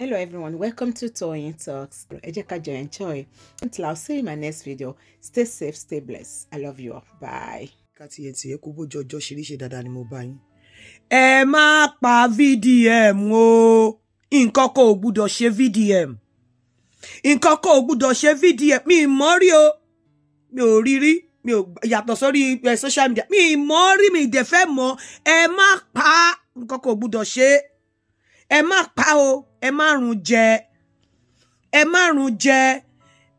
hello everyone welcome to Toyeen Talks ẹ jẹ́ ká enjoy until i'll see you in my next video stay safe stay blessed i love you all bye. ká tiẹ̀ tiẹ̀ kó bójú ọjọ́ ṣeréṣe dáadáa ni mo bá yín. ẹ má pa vdm o nǹkan kan ò gbúdọ̀ vdm nǹkan kan ò gbúdọ̀ vdm mi ì o mi ò mi ò yàtọ̀ sórí eh, social media mi ì mọ̀ rí mi ìdẹ̀fẹ́ mọ̀ ẹ pa nǹkan kan ò gbúdọ̀ ṣe ẹ pa o ẹ má run jẹ ẹ má run jẹ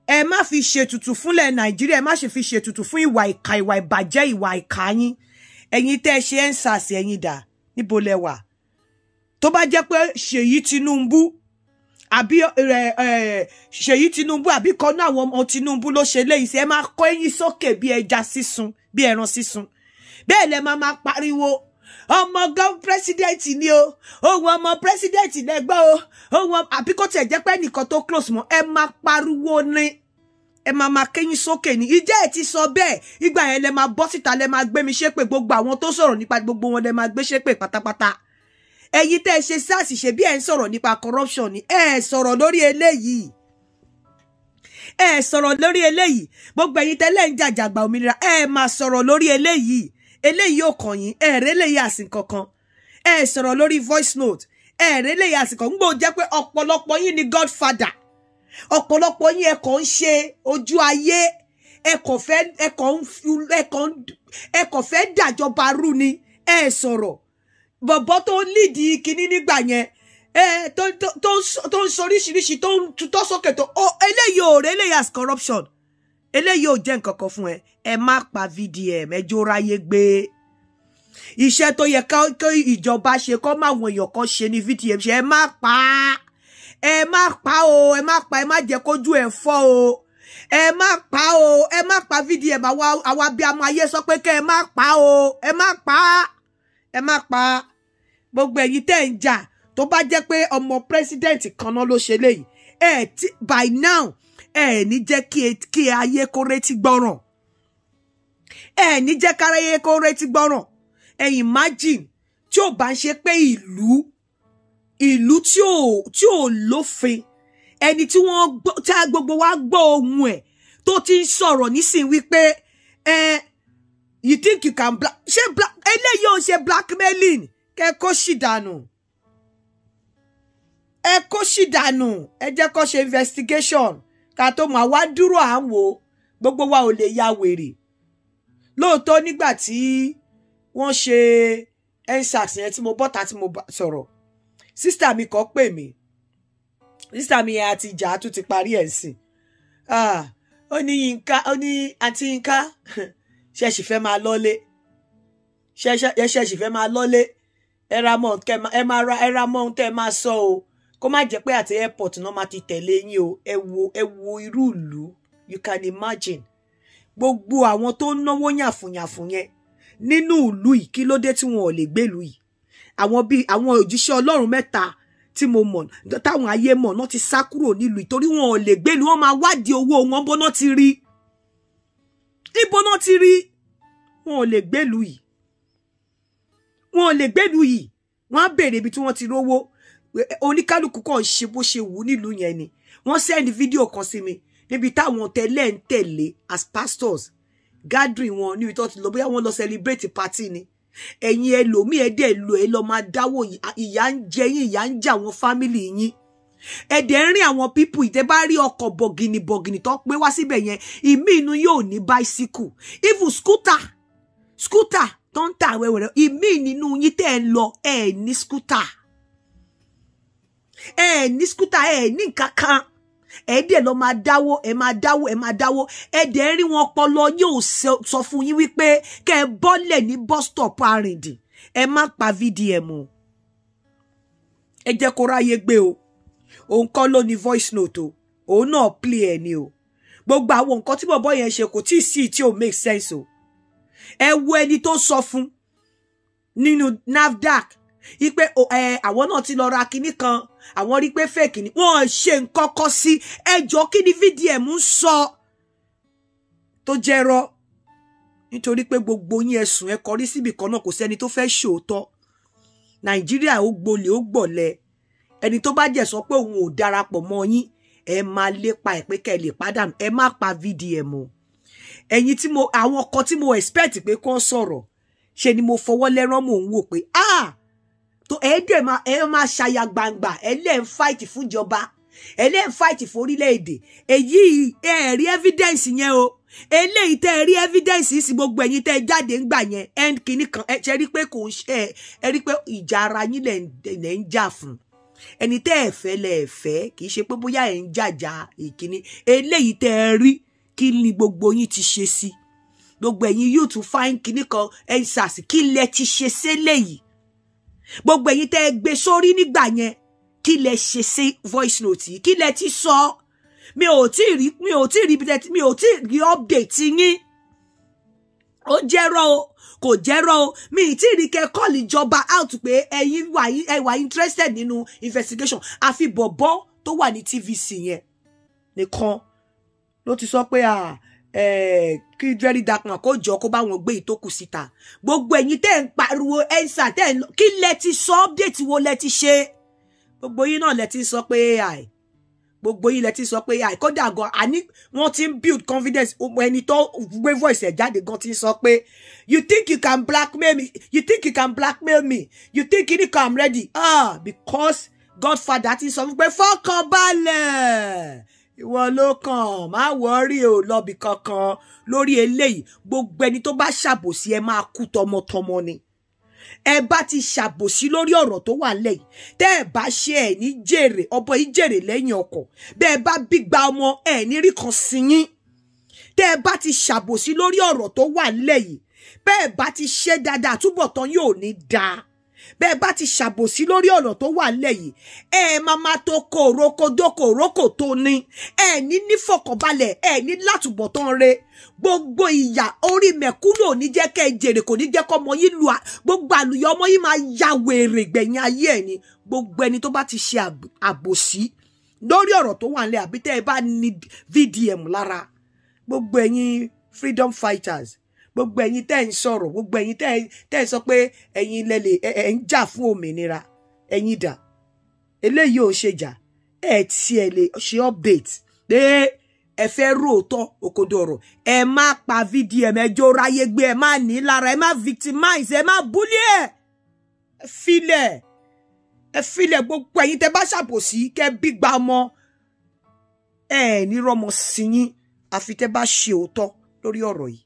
ẹ má fi ṣètùtù fúnlẹ̀ nàìjíríà ẹ má ṣe fi ṣètùtù fún ìwà ìka ìwà ìbàjẹ́ ìwà ìka yín ẹ̀yin tẹ́ ẹ ṣe ẹ̀ ń sàṣì ẹ̀yin dà níbo lẹ wà tó bá jẹ́ pé ṣèyí tinubu àbí ṣèyí tinubu àbí kan àwọn ọmọ tinubu ló ṣe léyìí sí ẹ máa kọ ẹ̀yìn sókè bí ẹja sísun bí ẹran sísun bẹ́ẹ̀ lẹ máa máa pariwo ọmọ gọ́ọ̀ president ni o ohun ọmọ president lẹ́gbọ́ o ohun àbí kò tiẹ̀ jẹ́ pé ẹnìkan tó close mọ́ ẹ máa pariwo ni ẹ máa máa kẹ́yìn sókè ni ìjẹ́ ẹ̀ ti sọ bẹ́ẹ̀ ìgbà yẹn lẹ máa bọ́ síta lẹ máa gbé mi ṣépè gbogbo àwọn tó sọ̀rọ̀ nípa gbogbo wọn lẹ máa gbé ṣépè pátápátá ẹ̀yin tẹ́ ẹ ṣe sars ṣe bí ẹ ń sọ̀rọ̀ nípa corruption ni ẹ sọ̀rọ̀ lórí eléyìí ẹ sọ̀rọ̀ lórí eléyìí gbogbo ẹ̀yin tẹ́lẹ̀ ń jàjàgbà òmìnira ẹ máa sọ̀rọ̀ lórí eléyìí eléyìí ò kàn yín ẹ̀rẹ́ lè yà sí kankan ẹ̀ sọ̀rọ̀ lórí voice note ẹ̀rẹ́ lè yà sí kankan gbọ́dọ̀ jẹ́ pé ọ̀pọ̀lọpọ̀ yín ni godfather ọ̀pọ̀lọpọ̀ yín ẹ kàn ń ṣe ojú ayé ẹ kàn fẹ́ ẹ kàn ẹ kàn fẹ́ dàjọba rú ni ẹ sọ̀rọ̀ bọ̀bọ̀ tó ń lídìí kinní nígbà yẹn tó ń sọ oríṣiríṣi tó ń tutọ́ sókè tó eléyìí ò rẹ́ eléyìí as corruption eléyìí ò jẹ́ nǹkan kan fún ẹ ẹ má pa vdm ẹ jó ráyé gbé iṣẹ́ tó yẹ kí ìjọba ṣe kọ́ máa wọn èèyàn kan ṣe ní vdm ṣe ẹ má pa ẹ má pa o ẹ má pa ẹ má jẹ́ kójú ẹ̀ fọ́ o ẹ má pa o ẹ má pa vdm àwa àwa bí amọ ayé sọ pé kẹ́ ẹ má pa o ẹ má pa ẹ má pa gbogbo ẹ̀yin tẹ́ ń jà tó bá jẹ́ pé ọmọ pírẹsidẹ́ǹtì kan náà ló ṣe léyìí ẹ ti by now E, ẹ ní jẹ́ kí ayé kó retí gbọ́ràn ẹ ní jẹ́ káráyé kó retí gbọ́ràn ẹ imagine tí ò bá ń ṣe pé ìlú ìlú tí ò tí ò lófin ẹni tí wọ́n tí a gbogbo wa gbọ́ ohun ẹ̀ tó ti ń sọ̀rọ̀ nísìnyí wípé ẹ you think you can black ṣe black eléyìí ò ṣe blackmailing kẹ kó sì dànù ẹ kó sì dànù ẹ jẹ́ kó ṣe investigation ká tó mọ̀ àwa dúró à ń wò gbogbo wa ò lè ya wèrè lóòótọ́ nígbà tí wọ́n ṣe ensax yẹn tí mo bọ́ta tí mo sọ̀rọ̀ sísítà mi kan pè mí sísítà mi yẹn àti ìjà tún ti parí ẹ̀ sìn ó ní Yínká ó ní àti Yínká ṣẹ̀ṣì fẹ́ máa lọ́lé ṣẹ̀ṣì fẹ́ máa lọ́lé ẹ ra mọ́ ohun tẹ́ ẹ máa sọ o kó má jẹ́ pé àti airport náà má ti tẹ̀lé yín o ẹ wo ẹ wo irú ìlú you can imagine gbogbo àwọn tó ń náwó yàfùnyàfùn yẹn nínú ìlú yìí kí ló dé tí wọn ò lè gbèlú yìí àwọn bíi àwọn òjíṣẹ́ Ọlọ́run mẹ́ta tí mo mọ̀ táwọn ayé mọ̀ náà ti sá kúrò nílùú ìtorí wọn ò lè gbèlú wọn máa wádìí owó wọn bọ́ná ti rí ibo náà ti rí wọn ò lè gbèlú yìí wọn ò lè gbèlú yìí wọn á béèrè ibi tí wọn ti rówó oníkálukú kàn ṣe bó ṣe wù nílùú yẹn ni wọ́n send fídíò kan sí mi níbi táwọn tẹ̀lé ń tẹ̀lé as pastors gathering wọn níbi tó ti lọ bóyá wọ́n lọ celebrate party ni ẹ̀yin ẹlòmíì ẹdẹ lò ẹ lọ máa dáwọ ìyà ń jẹ yín ìyà ń jẹ àwọn fámìlì yín ẹdẹ ń rìn àwọn pípù ìtẹ bá rí ọkọ̀ bọ̀gìnì bọ̀gìnì tó pé wá síbẹ̀ yẹn ìmí inú yóò ní báísíkù even scooter scooter tó ń tà wẹwẹrẹ ìmí nínú yín tẹ́ ẹ lọ ẹ ní scooter ẹ ẹ ní skúta ẹ ẹ ní nǹkan kan ẹ dẹ̀ lọ máa dáwó ẹ máa dáwó ẹ máa dáwó ẹ dẹ̀ rí wọn ọpọlọ yóò sọ fún yín wípé kẹ ẹ bọ́lẹ̀ ní bus stop ẹ má pa vdm o ẹ jẹ́ kó ráyé gbé o òun kọ́ ló ní voice note o òun náà play ẹ̀ ni o gbogbo àwọn nǹkan tí bọ̀bọ̀ yẹn ṣe kò tí ì sí tí ò make sense o ẹ wo ẹni tó sọ fún nínú NAFDAC ipe àwọn náà ti lọ ra kinní kan àwọn rí pé fake ni wọ́n ṣe nǹkan kan sí ẹjọ́ kí ni VDM ń sọ tó jẹrọ nítorí pé gbogbo yín ẹ̀sùn ẹ kọrí síbì kan náà kò sẹ́ni tó fẹ́ ṣòótọ́ nàìjíríà ó gbolè ó gbọ̀lẹ ẹni tó bá jẹ̀ sọ pé òun ò darapọ̀ mọ́ yín ẹ máa lépa ẹ̀ pé kẹ́ ẹ lè pàdánù ẹ má pa VDM o ẹ̀yin tí mo àwọn ọkọ tí mo expect pé kán sọ̀rọ̀ ṣe ni mo fọwọ́ lẹ́rán mò ń wò pé ah tó ẹ dẹ̀ máa ẹ máa ṣàyà gbangba ẹ lẹ́ ń fight fúnjọba ẹ lẹ́ ń fight forílẹ̀-èdè èyí ẹ rí evidence yẹn o eléyìí tẹ́ ẹ rí evidence yìí sí gbogbo ẹ̀yin tẹ́ ẹ jáde ń gbà yẹn ẹ ń kinní kan ẹ ṣe rí pé kò ń ṣe ẹ rí pé ìjà ara yín lẹ̀ ń jà fún ẹni tẹ́ ẹ fẹ́ lẹ̀ ẹ fẹ́ kì í ṣe pé bóyá ẹ ń jàjà ìkíní eléyìí tẹ́ ẹ rí kí ni gbogbo yín ti ṣe sí gbogbo ẹ̀yin yóò tún fáìn kinní kan ẹ ń sàsì kí lẹ ti ṣe séléyìí gbogbo ẹ̀yin tẹ́ ẹ gbé sórí nígbà yẹn kí lẹ ṣe sí voice note yìí kí lẹ ti sọ mi ò tí ì rí mi ò tí ì rí ibi tẹ́tí mi ò tí rí update yín ó jẹ́rọ o kò jẹ́rọ o mi ì tí ì rí kẹ́ kọ́ọ̀lì ìjọba out pé ẹ̀yin wà ẹ wà interested nínú investigation àfi bọ̀bọ́ tó wà ní TVC yẹn nìkan ló ti sọ pé ah Eh, kí dẹ́rì dapọ̀ kó jọ kó bá wọn gbé ìtókù síta gbogbo ẹ̀yin tẹ́ ń pariwo ẹ̀ǹsà tẹ́ ń kí lẹ ti sọ ọ́pdẹ̀tì wo lẹ ti ṣe gbogbo yín náà lẹ ti sọ pé ai gbogbo yín lẹ ti sọ pé ai kódà gan àní wọn ti ń build confidence ẹni tó gbé voice ẹ̀ jáde gan ti sọ pé you think you can blackmail me you think you can blackmail me you think you need come ready ah because Godfather ti sọ fún pé fọkànbalẹ̀ ìwọ ló kàn má wọrí o lọbì kankan lórí eléyìí gbogbo ẹni tó bá ṣàbòsí ẹ máa kú tọmọtọmọ ni ẹ bá ti ṣàbòsí lórí ọ̀rọ̀ tó wà lẹ́yìn tẹ́ ẹ bá ṣe ẹ̀ ní jèrè ọbọ̀ yìí jèrè lẹ́yìn ọkọ̀ bẹ́ẹ̀ bá gbígba ọmọ ẹ̀ ní rí kan sí yín ẹ bá ti ṣàbòsí lórí ọ̀rọ̀ tó wà lẹ́yìn bẹ́ẹ̀ bá ti ṣe dáadáa túbọ̀ tán yóò ní dáa bẹ́ẹ̀ bá ti ṣàbòsí lórí ọ̀rọ̀ tó wà nílẹ̀ yìí ẹ máa máa tó kòrókò dókòrókò tó ní ẹ ní nífọ̀kànbalẹ̀ ẹ ní látùbọ̀tán re gbogbo ìyà orí mẹ̀kúnnù ò ní jẹ́ kẹ́ ẹ jèrè kò ní jẹ́ kọ́ ọmọ yín lu gbogbo àlùyọ ọmọ yín máa ya wèrè gbẹ̀yìn ayé ẹ̀ ni gbogbo ẹni tó bá ti ṣe àbòsí lórí ọ̀rọ̀ tó wà nílẹ̀ àbí tẹ́ ẹ bá ní VDM lára gbogbo ẹ̀yin freedom fighters gbogbo ẹ̀yin tẹ́ ń sọ̀rọ̀ gbogbo ẹ̀yin tẹ́ ń sọ pé ẹ̀yin lẹ́lẹ̀ ẹ̀ ń jà fún òmìnira ẹ̀yin dà eléyìí ò ń ṣe jà ẹ̀ tiẹ̀ lè ṣe update pé ẹ fẹ́ róòótọ́ òkodo ọ̀rọ̀ ẹ má pa VDM ẹjọ́ ráyé gbé ẹ má ní lára ẹ má victimize ẹ má búlí ẹ filẹ̀ ẹ filẹ̀ gbogbo ẹ̀yin tẹ́ bá ṣàbòsí kẹ́ bí gba ọmọ ẹ ní rọmọ sí yín àfi tẹ́ bá ṣe òótọ́ lórí ọ̀rọ̀ yìí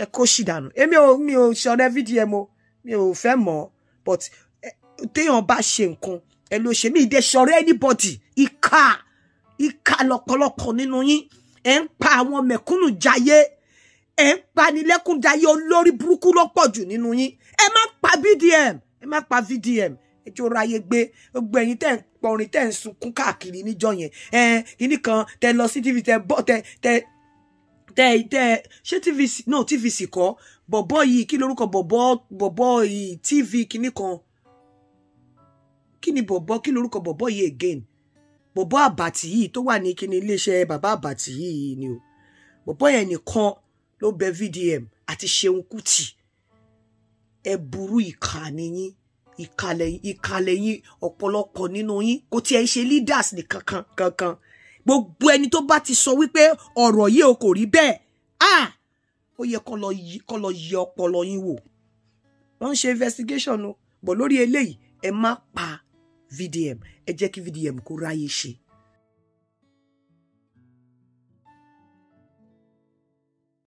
ẹ kó sì dànù èmi ò mi ò ṣọ̀rẹ́ VDM o mi ò fẹ́ mọ̀ but téèyàn bá ṣe nǹkan ẹ ló ṣe mí ìdẹ ṣọ̀rẹ́ anybody ìka ìka lọ́pọ̀lọpọ̀ nínú yín ẹ ń pa àwọn mẹ̀kúnnù jayé ẹ ń panilẹ́kún jayé olórí burúkú lọ́pọ̀ jù nínú yín ẹ má pa VDM ẹ má pa VDM ẹjọ ráyé gbé gbogbo ẹ̀yin tẹ́ ń pọrin tẹ́ ń sunkún káàkiri níjọ́ yẹn ẹ kíní kan tẹ́ lọ sí tv tẹ́ bọ tẹ́ tẹ́ tẹ tẹ ṣé tvc náà tvc kọ bọbọ yìí kí lorúkọ bọbọ bọbọ yìí tv kinní kan kí ni bọbọ kí lorúkọ bọbọ yìí again bọbọ àbàtì yìí tó wà ní kíni iléeṣẹ́ bàbá àbàtì yìí ni o bọbọ yẹn nìkan ló bẹ vdm àti Ṣeun Kútì ẹ burú ìkà nìyín ìkàlẹ̀ ìkàlẹ̀ yín ọ̀pọ̀lọpọ̀ nínú yín kò tiẹ̀ ṣe leaders nìkankan kankan. kankan gbogbo ẹni tó bá ti sọ wípé ọ̀rọ̀ yìí o kò rí bẹ́ẹ̀ ah ó yẹ kó lọ yẹ ọpọlọ yín wò wọ́n ń ṣe investigation o bọ̀ lórí eléyìí ẹ má pa VDM ẹ jẹ́ kí VDM kó ráyè ṣe.